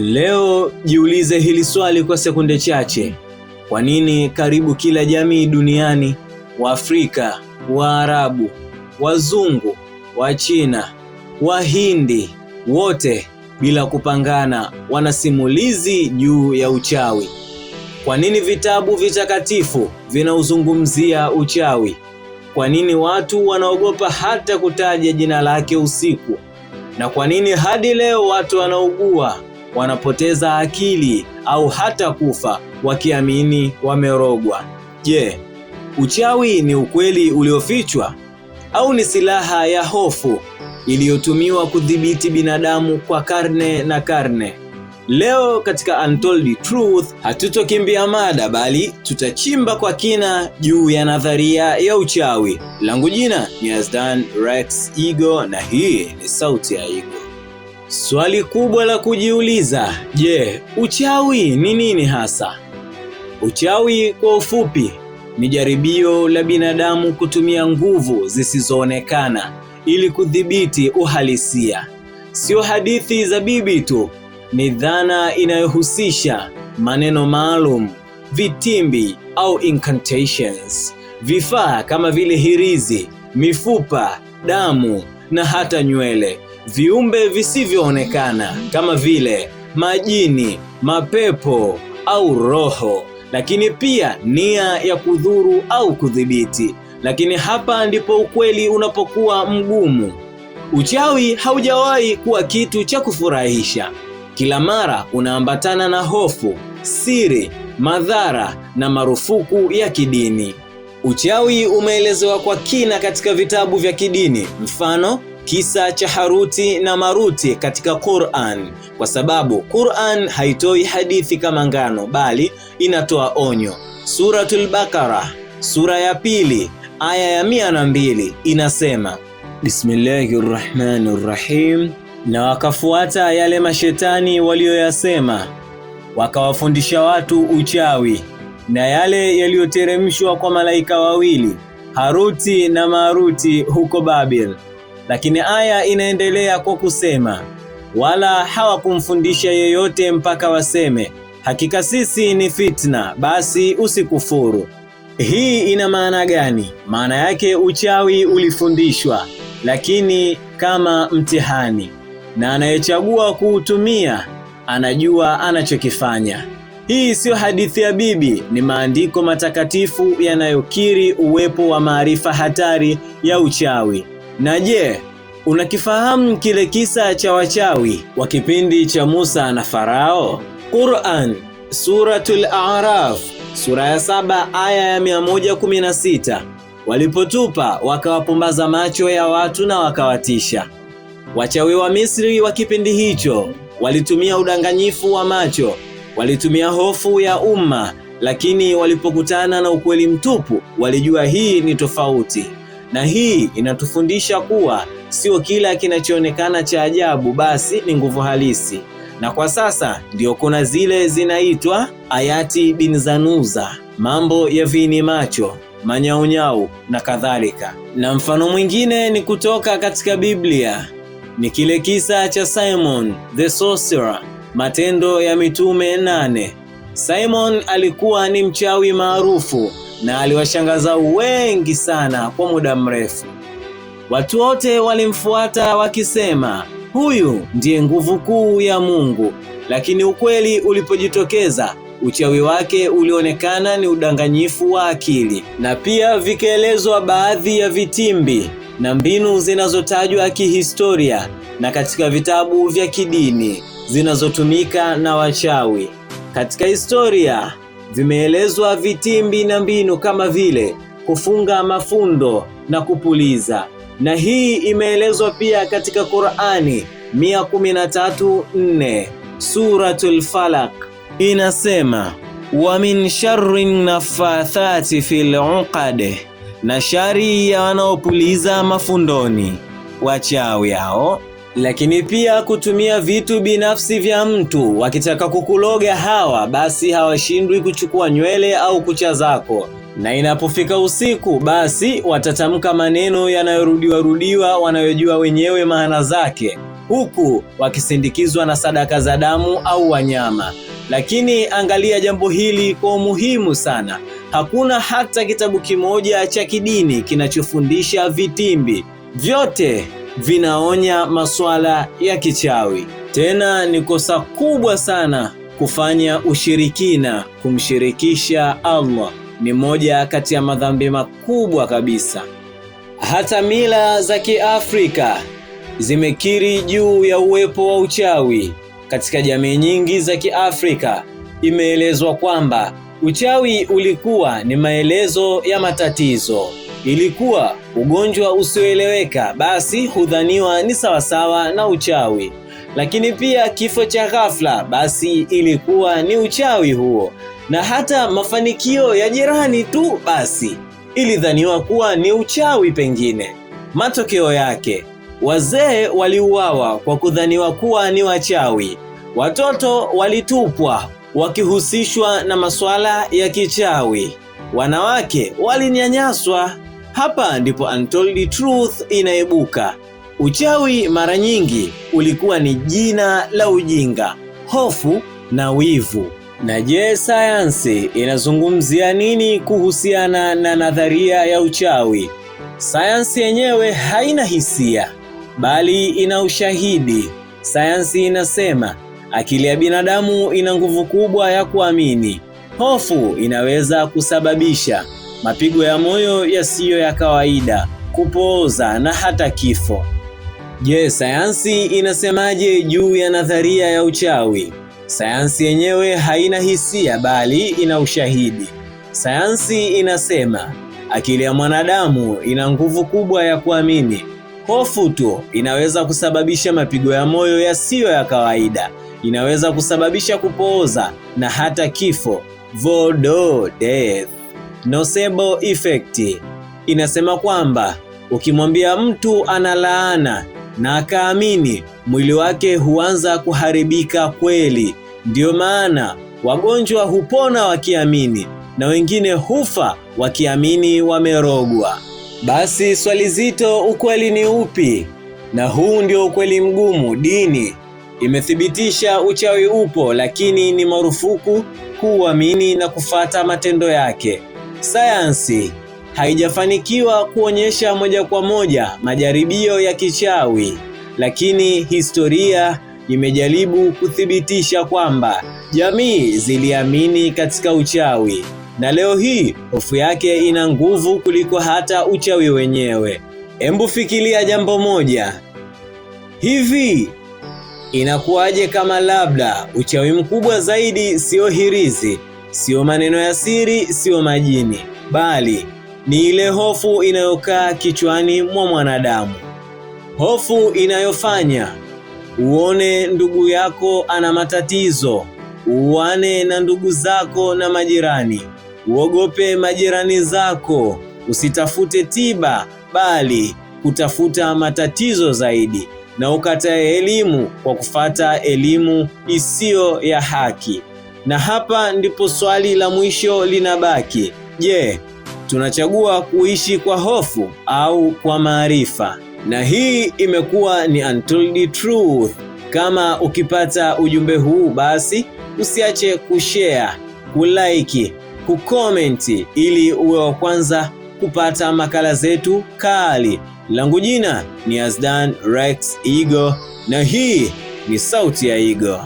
Leo jiulize hili swali kwa sekunde chache. Kwa nini karibu kila jamii duniani, Waafrika, Waarabu, Wazungu, Wachina, Wahindi, wote bila kupangana wana simulizi juu ya uchawi? Kwa nini vitabu vitakatifu vinauzungumzia uchawi? Kwa nini watu wanaogopa hata kutaja jina lake usiku? Na kwa nini hadi leo watu wanaugua wanapoteza akili au hata kufa wakiamini wamerogwa. Je, uchawi ni ukweli uliofichwa au ni silaha ya hofu iliyotumiwa kudhibiti binadamu kwa karne na karne? Leo katika Untold Truth hatutokimbia mada, bali tutachimba kwa kina juu ya nadharia ya uchawi. Langu jina ni Azdan Rex Igo, na hii ni sauti ya Igo. Swali kubwa la kujiuliza, je, uchawi ni nini hasa? Uchawi kwa ufupi ni jaribio la binadamu kutumia nguvu zisizoonekana ili kudhibiti uhalisia. Sio hadithi za bibi tu, ni dhana inayohusisha maneno maalum, vitimbi au incantations, vifaa kama vile hirizi, mifupa, damu na hata nywele viumbe visivyoonekana kama vile majini, mapepo au roho, lakini pia nia ya kudhuru au kudhibiti. Lakini hapa ndipo ukweli unapokuwa mgumu. Uchawi haujawahi kuwa kitu cha kufurahisha. Kila mara unaambatana na hofu, siri, madhara na marufuku ya kidini. Uchawi umeelezewa kwa kina katika vitabu vya kidini, mfano kisa cha Haruti na Maruti katika Qur'an, kwa sababu Qur'an haitoi hadithi kama ngano, bali inatoa onyo. Suratul Bakara sura ya pili aya ya mia na mbili inasema Bismillahir Rahmanir Rahim, na wakafuata yale mashetani walioyasema, wakawafundisha watu uchawi na yale yaliyoteremshwa kwa malaika wawili Haruti na Maruti huko Babel lakini aya inaendelea kwa kusema, wala hawakumfundisha yeyote mpaka waseme, hakika sisi ni fitna, basi usikufuru. Hii ina maana gani? Maana yake uchawi ulifundishwa, lakini kama mtihani, na anayechagua kuutumia anajua anachokifanya. Hii siyo hadithi ya bibi, ni maandiko matakatifu yanayokiri uwepo wa maarifa hatari ya uchawi. Na je, unakifahamu kile kisa cha wachawi wa kipindi cha Musa na Farao? Quran Suratul A'raf sura ya saba aya ya 116, walipotupa wakawapumbaza macho ya watu na wakawatisha. Wachawi wa Misri wa kipindi hicho walitumia udanganyifu wa macho, walitumia hofu ya umma, lakini walipokutana na ukweli mtupu walijua hii ni tofauti na hii inatufundisha kuwa sio kila kinachoonekana cha ajabu basi ni nguvu halisi, na kwa sasa ndio kuna zile zinaitwa ayati bin Zanuza, mambo ya vini macho manyaunyau na kadhalika. Na mfano mwingine ni kutoka katika Biblia, ni kile kisa cha Simon the Sorcerer, Matendo ya Mitume nane. Simon alikuwa ni mchawi maarufu na aliwashangaza wengi sana kwa muda mrefu. Watu wote walimfuata wakisema, huyu ndiye nguvu kuu ya Mungu. Lakini ukweli ulipojitokeza, uchawi wake ulionekana ni udanganyifu wa akili, na pia vikaelezwa baadhi ya vitimbi na mbinu zinazotajwa kihistoria na katika vitabu vya kidini zinazotumika na wachawi katika historia. Vimeelezwa vitimbi na mbinu kama vile kufunga mafundo na kupuliza, na hii imeelezwa pia katika Qur'ani 113:4 Suratul Falaq inasema wa min sharri nafathati fil uqad, na shari ya wanaopuliza mafundoni, wachawi hao lakini pia kutumia vitu binafsi vya mtu. Wakitaka kukuloga hawa, basi hawashindwi kuchukua nywele au kucha zako, na inapofika usiku, basi watatamka maneno yanayorudiwa rudiwa wanayojua wenyewe maana zake, huku wakisindikizwa na sadaka za damu au wanyama. Lakini angalia jambo hili kwa umuhimu sana. Hakuna hata kitabu kimoja cha kidini kinachofundisha vitimbi. Vyote vinaonya masuala ya kichawi. Tena ni kosa kubwa sana kufanya ushirikina. Kumshirikisha Allah ni moja kati ya madhambi makubwa kabisa. Hata mila za Kiafrika zimekiri juu ya uwepo wa uchawi. Katika jamii nyingi za Kiafrika imeelezwa kwamba uchawi ulikuwa ni maelezo ya matatizo. Ilikuwa ugonjwa usioeleweka, basi hudhaniwa ni sawasawa na uchawi, lakini pia kifo cha ghafla, basi ilikuwa ni uchawi huo, na hata mafanikio ya jirani tu, basi ilidhaniwa kuwa ni uchawi pengine. Matokeo yake wazee waliuawa kwa kudhaniwa kuwa ni wachawi, watoto walitupwa wakihusishwa na masuala ya kichawi, wanawake walinyanyaswa hapa ndipo Untold Truth inaibuka. Uchawi mara nyingi ulikuwa ni jina la ujinga, hofu na wivu. Na je, sayansi inazungumzia nini kuhusiana na nadharia ya uchawi? Sayansi yenyewe haina hisia, bali ina ushahidi. Sayansi inasema akili ya binadamu ina nguvu kubwa ya kuamini. Hofu inaweza kusababisha mapigo ya moyo yasiyo ya kawaida, kupooza na hata kifo. Je, sayansi inasemaje juu ya nadharia ya uchawi? Sayansi yenyewe haina hisia bali ina ushahidi. Sayansi inasema akili ya mwanadamu ina nguvu kubwa ya kuamini. Hofu tu inaweza kusababisha mapigo ya moyo yasiyo ya kawaida, inaweza kusababisha kupooza na hata kifo. Vodo death. Nocebo effect inasema kwamba ukimwambia mtu analaana na akaamini, mwili wake huanza kuharibika kweli. Ndiyo maana wagonjwa hupona wakiamini na wengine hufa wakiamini wamerogwa. Basi swali zito, ukweli ni upi? Na huu ndio ukweli mgumu. Dini imethibitisha uchawi upo, lakini ni marufuku kuuamini na kufata matendo yake. Sayansi haijafanikiwa kuonyesha moja kwa moja majaribio ya kichawi, lakini historia imejaribu kuthibitisha kwamba jamii ziliamini katika uchawi na leo hii hofu yake ina nguvu kuliko hata uchawi wenyewe. Hebu fikiria jambo moja hivi, inakuwaje kama labda uchawi mkubwa zaidi sio hirizi siyo maneno ya siri, siyo majini, bali ni ile hofu inayokaa kichwani mwa mwanadamu, hofu inayofanya uone ndugu yako ana matatizo, uane na ndugu zako na majirani, uogope majirani zako, usitafute tiba, bali kutafuta matatizo zaidi, na ukatae elimu kwa kufata elimu isiyo ya haki. Na hapa ndipo swali la mwisho linabaki. Je, tunachagua kuishi kwa hofu au kwa maarifa? Na hii imekuwa ni Untold Truth. Kama ukipata ujumbe huu basi usiache kushare, kulike, kukomenti ili uwe wa kwanza kupata makala zetu kali. Langu jina ni Azdan Rex Igo na hii ni sauti ya Igo.